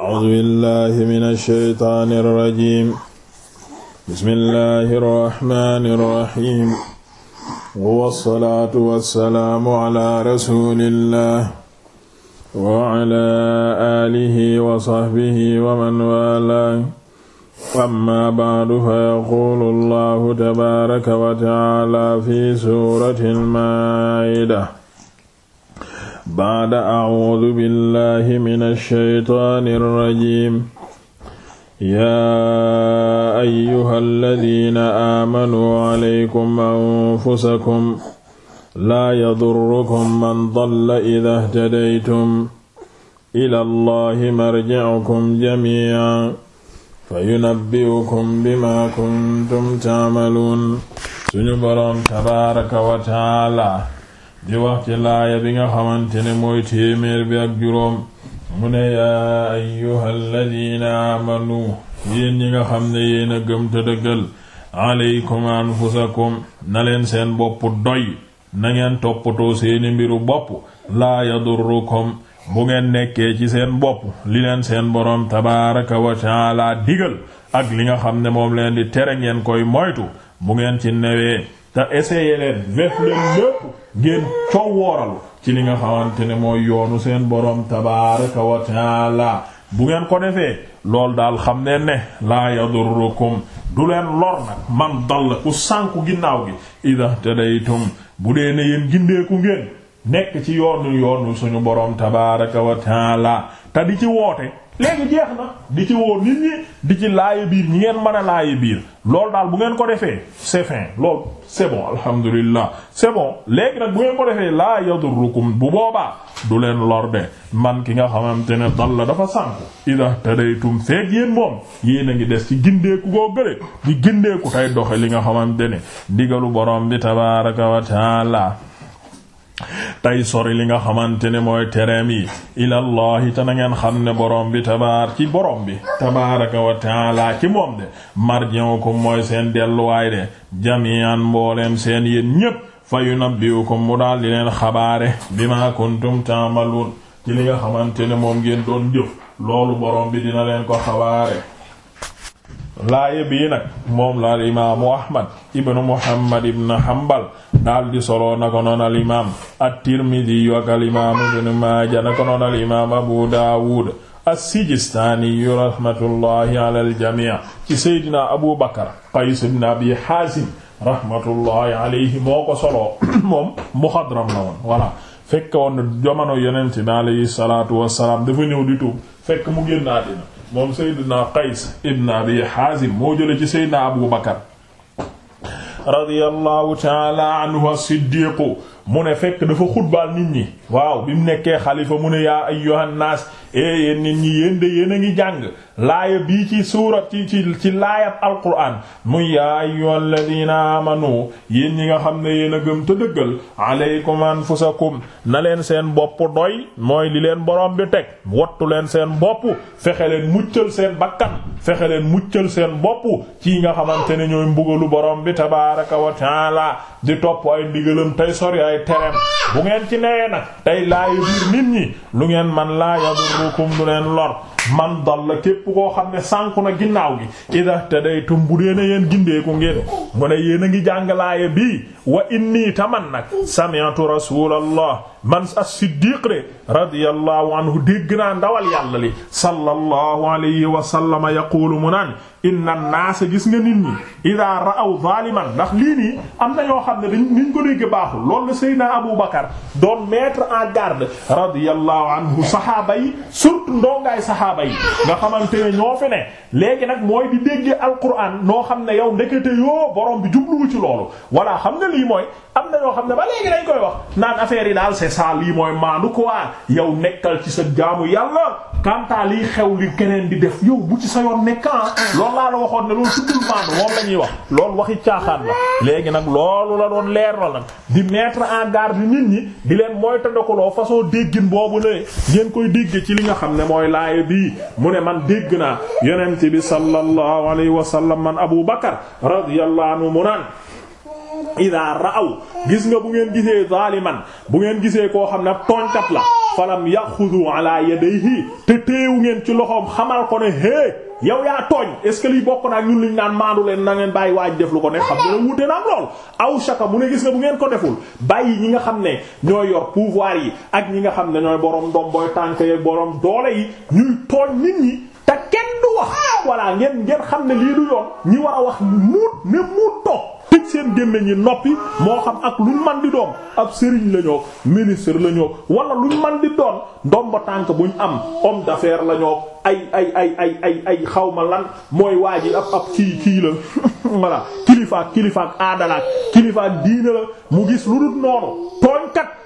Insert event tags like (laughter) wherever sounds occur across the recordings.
a'uuzu billahi mina shaytaani rajiim bismillahi rahmaani rahiim wa salaatu wa salaamu ala rasuulillah wa ala aalihi wa sahbihi wa man waalaahu amma ba'du fa yaquulu allahu tabaaraka wa ta'aala fi suuratil maa'ida baada acuudu billahi min alshaytaani alrajim yaa ayuha alladina aamanuu calaykum anfusakum laa yadurukum man dalla ida htadaytum ila allahi marjicukum jamiica fayunabbi'ukum bimaa kuntum tacmaluun suñu boroom tabaaraka wa tacaala di wax ci laaya bi nga xamante ne mooy téeméer bi ak juróom mu ne yaa ayyuhal ladina amanu yéen ñi nga xam ne yéen a gëm te dëggal aleykum anfusakum na leen seen bopp doy na ngeen toppatoo seeni mbiru bopp laa yadurrukum bu ngeen nekkee ci seen bopp li leen seen boroom tabaaraka wa taala digal ak li nga xam ne moom leen di tere ngeen koy moytu bu ngeen ci newee te essayé leen def leen lépp ngeen coow wooralu ci li nga xamante ne mooy yoonu seen boroom tabaraka wa taala bu ngeen ko defee loolu daal xam ne ne laa yadurrukum du leen lor nag man dal ku sànku ginnaaw gi ida tadaytum bu dee ne yéen gindeeku ngeen nekk ci yoonu yoonu suñu boroom tabaraka wa te di ci woote léegi jeex na di ci woo nit ñi di ci laaye biir ñi ngeen mën a laaye biir loolu daal bu ngeen ko defee c'est fin loolu c'est bon alhamdulillah c'est bon léegi nag bu ngeen ko defee laa yadurrukum bu boobaa du leen lorde man ki nga xamante ne dalla dafa sànku ida tadaytum feek yéen moom yéen a ngi des ci gindeeku koo gële di gindeeku tey doxe li nga xamante ne digalu borom bi tabaraka wa taala tey sori li nga xamante ne mooy tereem yi ilallahi te na ngeen xam ne borom bi tabaar ci borom bi tabaaraka wa taala ci moom de marji'ukum mooy seen delluwaay de jami'an mboolem seen yéen ñépp fa yunabbi'ukum mu daal di leen xabaare bima kuntum ta'malun ci li nga xamante ne moom ngeen doon jëf loolu borom bi dina leen ko xabaare laaye bii moom la al imaamu ahmad ibnu muhammad ibnu hanbal daal di soloo na ko noon al imaam at imaamu ibnu maaja na ko noon abu daawud as-sijistaani rahmatullahi ala al jamii ci abu bakar qays ibn abi haasim rahmatullahi alayhi moo ko soloo (coughs) moom muxadram na alayhi salaatu wassalaam dafa ñëw di tuub fekk mu génn moom Seydina Qays ibn Abi Haazim moo jële ci Seydina Abu Bakar radiyallahu taala anhu as-Siddiq mu ne fekk dafa xutbaal nit ñi waaw bi mu nekkee xalifa mu ne yaa ayyuhan naas e yéen nit ñi yéen de yéen a ngi jàng laaya bii ci suura ci ci ci laayab alquran muy yaa ayyuhal ladina amanu yéen ñi nga xam ne yéen a gëm te dëggal alaykum anfusakum na leen seen bopp doy mooy li leen borom bi teg wattu leen seen bopp fexe leen muccal seen bakkan fexe leen muccal seen bopp ci nga xamante ne ñooy mbugalu borom bi tabaaraka wa taala di topp ay ndigalam tey sori ay tereem bu ngeen ci newee nag tey laaya biir nit ñi lu ngeen man laa yadurrukum du leen lor man dalla képp koo xam ne sànku na ginnaaw gi ida te day tum bu dee na yéen gindeeku ngeen mu ne a ngi jàng laaya bii wa inni ta man nag sami'tu rasulallah man as-siddiq de radiyallahu anhu dégg naa ndawal yàlla li sallallahu alayhi wa sallama yaqulu mu naan inna naasa gis nga nit ñi idaa ra'aw zaliman ndax lii nii am na ñoo xam ne dañ niñ ko dégg baaxul loolu la Seydina Abu Bakar doon mettre en garde radiyallahu anhu sahaaba yi ndongaay sahaaba saxaaba yi nga xamante ne ñoo fi ne léegi nag mooy di déggee alquran noo xam ne yow ndekete yoo borom bi jubluwu ci loolu voilà xam nga lii mooy am na yoo xam ne ba léegi dañ koy wax naan affaire yi daal c'est ça lii mooy maanu quoi yow nekkal ci sa jaamu yàlla kantaa liy xew li keneen di def yow bu ci sa yoon nekkan ah. loolu laa la waxoon ne loolu tuddul maanu moom la ñuy wax loolu waxi caaxaan la léegi nag loolu la doon leeral nag di mettre en garde nit li nga mu ne man dégg naa yonent bi sallallahu wa sallam man Abu Bakar radiyallahu anhu mu naan idaa gis nga bu ngeen gisee zaaliman bu ngeen gisee koo xam ne tooñkat la falam yaxudu ala yadayhi te téewu ngeen ci loxoom xamal ko ne hé yow yaa tooñ est-ce que liy bokk naa ñun liñ naan maandu leen na ngeen waa waaj def lu ko ne xam nga wute na lool aw shaka mu ne gis nga bu ngeen ko deful bàyyi ñi nga xam ne ñooy yor pouvoir yi ak ñi nga xam ne ñooy borom booy tànk yi boroom doole yi ñuy tooñ nit ñi te kenn du wax voilà ngeen ngeen xam ne lii du yoon ñi war a wax muut ne muut toog tëj seen gémmiñ yi noppi moo xam ak luñ man di doom ab sëriñ la ñoo ministre la ñoo wala luñ man di doon ndomba tànk buñ am homme d'affaires la ay ay ay ay ay ay xawma lan mooy waa ji ab ab kii kii la (laughs) voilà kilifaak kilifaak aadalaak kilifaak diina la mu gis lu dul noonu tooñ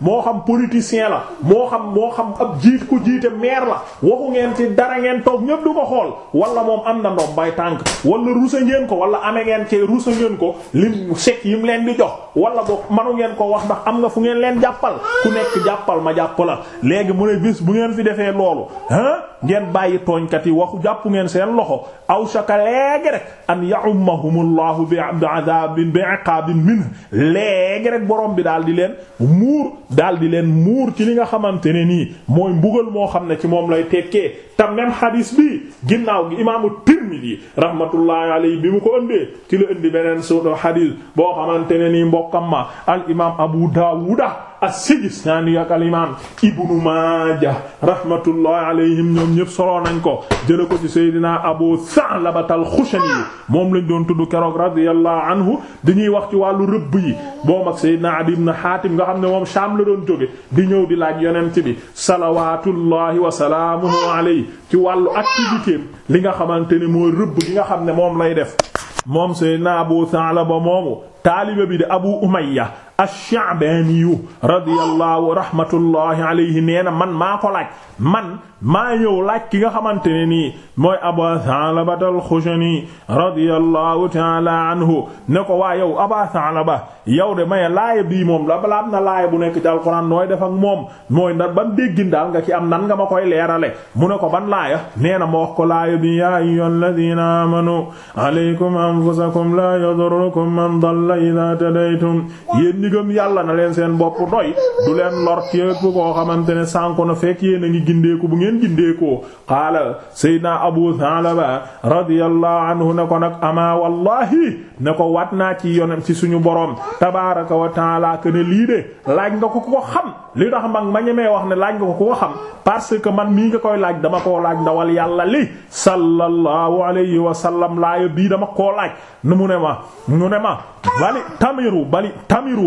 moo xam politicien la moo xam moo xam ab jiit ku jiite maire la waxu ngeen ci dara ngeen toog ñëpp du ko xool wala moom am na ndoom bay tànk wala rusa ngeen ko wala amee ngeen ci rusa ngeen ko lim sec yim leen di jox wala boog manu ngeen ko wax ndax am nga fu ngeen leen jàppal ku nekk jàppal ma jàpp la léegi mu ne bis bu ngeen fi defee loolu ah ngeen bàyyi tooñkat yi waxu jàppu ngeen seen loxo aw saka léegi rek an ya'ummahumullahu bi adabin bi iqabin min léegi rek borom bi daal di leen muur daal di leen muur ci li nga xamante ne nii mooy mbugal moo xam ne ci moom lay tekkee te même hadis bi ginnaaw gi imaamu Tirmidi rahmatullahi alayhi bi mu ko ëndee ci la ëndi beneen sunu hadis boo xamante ne nii mbokkam ma al imaam Abu Daawuda as-Sijistaani ak al-imaam Ibnu Maaja rahmatullahi alayhim ñoom ñëpp solo nañ ko jële ko ci Seydina Abu Sa'labata al-Xushani moom lañ doon tudd keroog radiyallahu anhu dañuy wax ci wàllu rëbb yi boom ak Seydina Adi ibn Haatim nga xam ne moom Shaam la doon jóge di ñëw di laaj yonent bi salawaatullahi wa salaamuhu alayhi ci wàllu activité li nga xamante ne mooy rëbb gi nga xam ne moom lay def moom Seydina Abu Sa'laba moomu taalibe bi di Abu Umayya ash-Sha'baniyu radiyallahu rahmatullahi alayhi nee na man maa ko laaj man maa ñëw laaj ki nga xamante ne nii mooy Aba Tha'laba al-Khushani radiyallahu ta'ala anhu ne ko waa yow Aba Tha'laba yow de maye laaya bii moom la balaa am na laaya bu nekk ci alxuraan nooy def ak moom mooy ndax ban déggin daal nga ci am nan nga ma koy leerale mu ne ko ban laaya nee na ma wax ko laaya bi yaa ayyuhal ladina amanu alaykum anfusakum la yadurrukum man dalla idha tadaytum ndigam yàlla na leen seen bopp doy du leen lor képp koo xamante ne sànku na fekk yéen a ngi gindeeku bu ngeen gindeekoo qaala sayyidina abu thalaba radiyallahu anhu ne ko nag ama wallahi ne ko wat naa ci yonem ci suñu borom tabaraka wa taala que ne lii de laaj nga ko ko xam li tax mag ma ñemee wax ne laaj nga ko ko xam parce que man mii nga koy laaj dama koo laaj ndawal yàlla li sallallahu alayhi wa sallam laaya bii dama koo laaj nu mu ne ma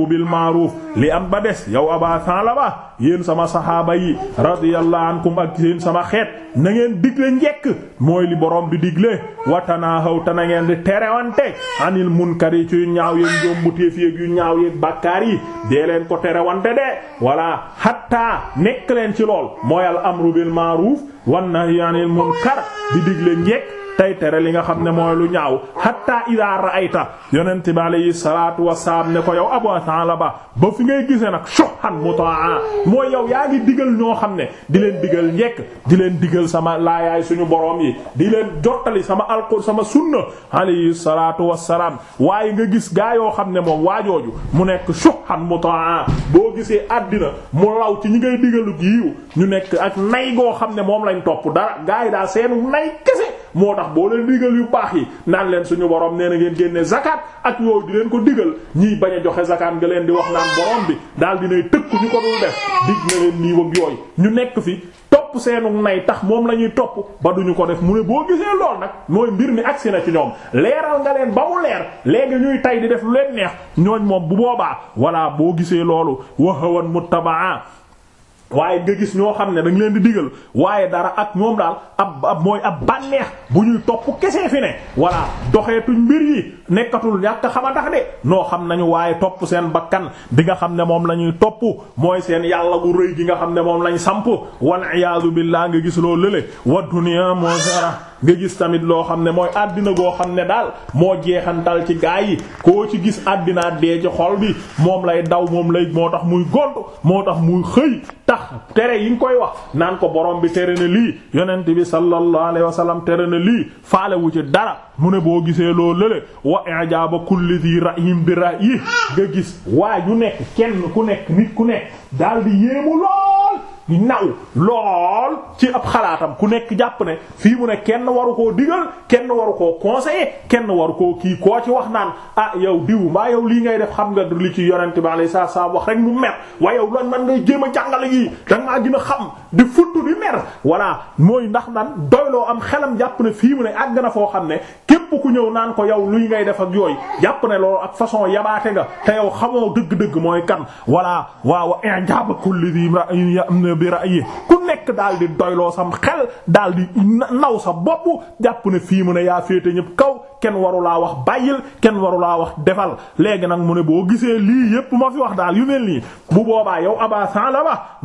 bil ma'ruf li am ba des yow aba Salaba yéen sama saxaaba yi radiyallahu ankum ak yéen sama xeet na ngeen digle njekk mooy li borom bi digle watanaahaw te na ngeen di terewante anil munkar yi ci ñaaw yeeg njombuteef yeeg yu ñaaw yeeg bakkaar yi dee leen ko terewante de walla hatta nekk leen ci lool mooy al amru bil ma'ruf wan nahyi anil munkar di digle njekk tey tere li nga xam ne mooy lu ñaaw hatta ida ra'ayta yonente bi alayhi salatu wasalaam ne ko yow Abu Salaba ba fi ngay gisee nag shuhan mutaa mooy yow yaa ngi digal ñoo xam ne di leen digal njekk di leen digal sama laayaay suñu borom yi di leen jottali sama alqur sama sunna alayhi salatu wasalaam waaye nga gis gaa yoo xam ne moom waajooju mu nekk shuhan mutaa boo gisee àddina mu law ci ñi ngay digalu yiiw ñu nekk ak nay goo xam ne moom lañ topp dara gaa yi moo tax boo leen digal yu baax yi naan leen suñu borom nee na ngeen génne zakat ak yooyu di leen ko digal ñiy bañ a joxe zakat nga leen di wax naan boroom bi daal dinay tëkk ñu ko dul def dig na leen yooyu ñu nekk fi topp seenu nay tax moom la ñuy topp ba duñu ko def mu ne boo gisee lool nag mooy mbir mi agsi na ci ñoom leeral nga leen ba mu leer léegi ñuy tay di def lu leen neex ñooñ moom bu boobaa walla boo gisee loolu wahawan muttabaa waaye nga gis ñoo xam ne dañ leen di digal waaye dara ak moom daal ab ab mooy ab bànneex bu ñuy topp kese fi ne voilà doxeetuñ mbir yi nekkatul xam a xama de noo xam nañu waaye topp seen bakkan bi nga xam ne moom la ñuy topp mooy seen yàlla gu rëy gi nga xam ne moom lañ samp wal iyaadu billah nga gis loo lële wa dunya moo sara nga gis tamit loo xam ne mooy àddina goo xam ne daal moo jeexantal ci gaa yi koo ci gis àddinaa dee ci xol bi moom lay daw moom lay moo tax muy gont moo tax muy xëy tax tere yi nga koy wax naan ko borom bi tere na lii yonent bi sallallahu alayhi wa sallam tere na lii faalewu ci dara mu ne boo gisee loo lële wa i'jaba kulli dhi ra'yin bi ra'yi nga gis waa yu nekk kenn ku nekk nit ku nekk daal di yéemu lool naw lool ci ab xalaatam ku nekk jàpp ne fii mu ne kenn waru koo digal kenn waru koo conseiller kenn waru koo kii koo ci wax naan ah yow diw maa yow lii ngay def xam nga li ci yonent bi saa salaam wax rek mu met waaye yow lan man ngay jéem a jàngale yii da nga a xam di futt di mer voilà mooy ndax nan doyloo am xelam jàpp ne fii mu ne àgg na foo xam ne képp ku ñëw naan ko yow luy ngay def ak yooy jàpp ne loolu ak façon yabaate nga te yow xamoo dëgg-dëgg mooy kan voilà waawa injaba kulli di ra'yi bi ra'yi ku nekk daal di doyloo sam xel daal di naw sa bopp jàpp ne fii mu ne yaa féete ñëpp kaw kenn warulaa wax bàyyil kenn warulaa wax defal léegi nag mu ne boo gisee lii yépp ma fi wax daal yu mel nii bu boobaa yow aba salaba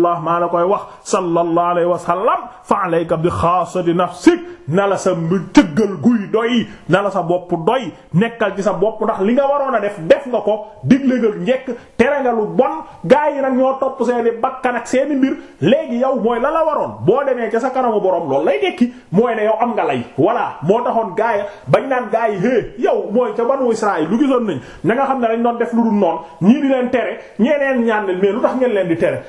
la koy wax sallallahu alayhi wa sallam fa alayka bi xaasati nafsik na la sa tëggal guy doy na la sa bopp doy nekkal ci sa bopp ndax li nga waroon a def def nga ko digle nga njekk tere nga lu bon gaa yi nag ñoo topp seeni bakkan ak seeni mbir léegi yow mooy la la waroon boo demee ca sa kanamu borom loolu lay dekki mooy na yow am nga lay voilà moo taxoon gaa yi bañ naan gaa yi hé yow mooy ca banu Israël lu gisoon nañ ña nga xam ne dañ doon def lu dul noonu ñii di leen tere ñeneen ñaan di tere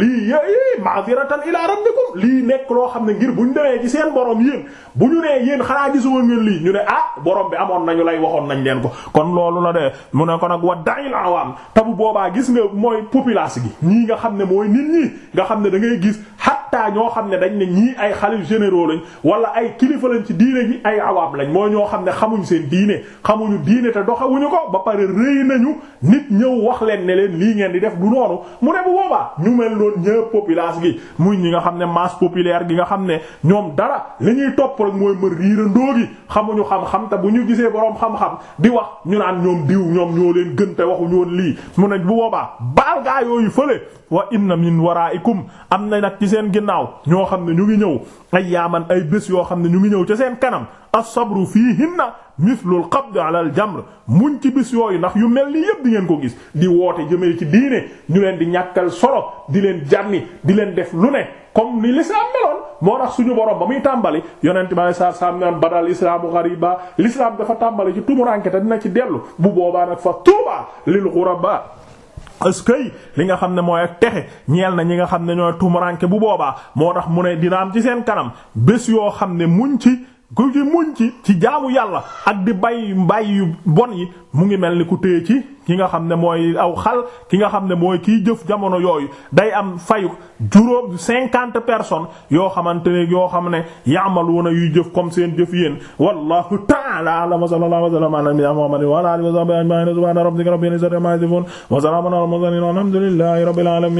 lii yéyi ma'ziratan ila rabbikum lii nekk loo xam ne ngir buñ demee ci seen borom yéen bu ñu nee yéen xanaa gisoon ngeen lii ñu ne ah borom bi amoon nañu lay waxoon nañ leen ko kon loolu la de mu ne ko nag wa da'il awam tabu boobaa gis nga mooy populace gi ñii nga xam ne mooy nit ñi nga xam ne da ngay gis xattaa ñoo xam ne dañ ne ñii ay xalif généraux lañ wala ay kilifa lañ ci diine gi ay awaab lañ mooy ñoo xam ne xamuñ seen diine xamuñu diine te doxewuñu ko ba pare rëy nañu nit ñëw wax leen ne leen lii ngeen di def du noonu mu ne bu boobaa ñu mel noonu ñëpp populace gi mu ñi nga xam ne masse populaire gi nga xam ne ñoom dara li ñuy topp rek mooy ma riirandoo gi xamuñu xam-xam te bu ñu gisee boroom xam-xam di wax ñu naan ñoom diw ñoom ñoo leen gën te waxuñu lii mu ne boobaa ginnaaw ñoo xam ne ñu ngi ñëw ay yaaman ay bés yoo xam ne ñu ngi ñëw ca seen kanam as-sabru fiihinna mislul qabd ala al jamr muñ ci bis yooyu ndax yu mel ni yëpp di ngeen ko gis di woote jëmee ci diine ñu leen di ñàkkal solo di leen jànni di leen def lu ne comme ni l'islam meloon moo tax suñu borom ba muy tàmbali yonent ma saa saa mu naan badal islaamu ghariba l'islam dafa tàmbali ci tumuranke te dina ci dellu bu boobaa nag fa tuuba lil askay li nga xam ne mooy texe ñeel na ñi nga xam ne ñooy tumuranke bu boobaa moo tax mu ne dina am ci seen kanam bés yoo xam ne muñ ci ku ci muñ ci ci jaamu yàlla ak di bay mbay yu bon yi mu ngi mel ni ku téye ci ki nga xam ne mooy aw xal ki nga xam ne mooy kiy jëf jamono yooyu day am fayuk juróom cinquante personnes yoo xamante ne yoo xam ne ya'maluna yuy jëf comme seen jëf yéen wallahu ta'ala a'lam wa sallallahu wa sallama ala nabiyyina muhammadin wa ala alihi wa sahbihi ajma'in subhana rabbika rabbil izzati amma yasifun wa salamun ala al mursalin walhamdulillahi rabbil alamin